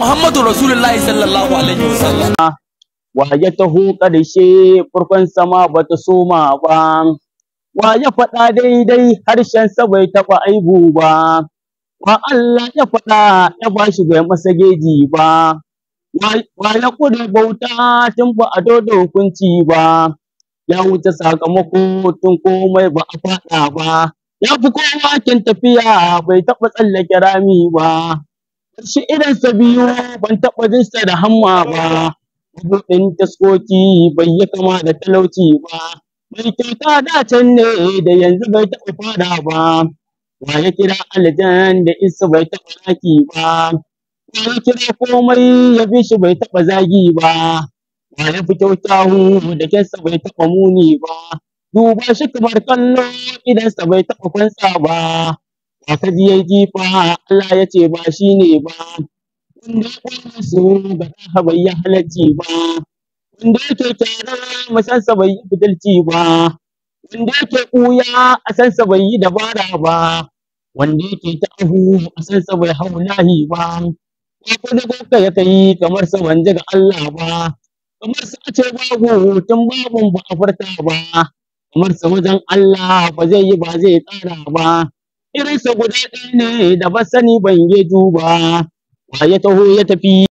Muhammadu Rasulullahi sallallahu alaihi wasallam ah, taho ƙarshe farkon sama bata soma ba wa ya faɗa daidai harshen sa bai taba aibu ba wa Allah ya faɗa ya bashi ga masa geji ba wa ya kudu bauta tun ba a dodo hukunci ba ya wuce sakamako tun komai ba a faɗa ba ya fi kowa tafiya bai taɓa tsallake rami ba shi irin sa biyu ban taɓa jin sa da hamma ba mabuɗin taskoki bai yi kama da talauci ba mai kyauta da can ne da yanzu bai taɓa fada ba wa ya kira aljan da isa bai taɓa raki ba wa ya kira komai ya bi shi bai taɓa zagi ba wa ya fi kyauta hu da kyansa bai taɓa muni ba duba shi kamar kallo sa bai taɓa kwansa ba wasajiyar kifa Allah ya ce ba shi ne ba wanda ya kwana su ba za bai yi halarci ba wanda yake tare masansa bai yi fitilci ba wanda yake ƙuya, a sansa bai yi dabara ba wanda yake ta'ahu a sansa bai hau nahi ba ko kuma kuka ya kai kamar sa ban ga Allah ba kamar sa ce babu tun babun ba a furta ba kamar sa wajen Allah ba zai yi ba zai tsara ba irinsa guda ɗaya ne da ba sani ban yi duba wa ya taho ya tafi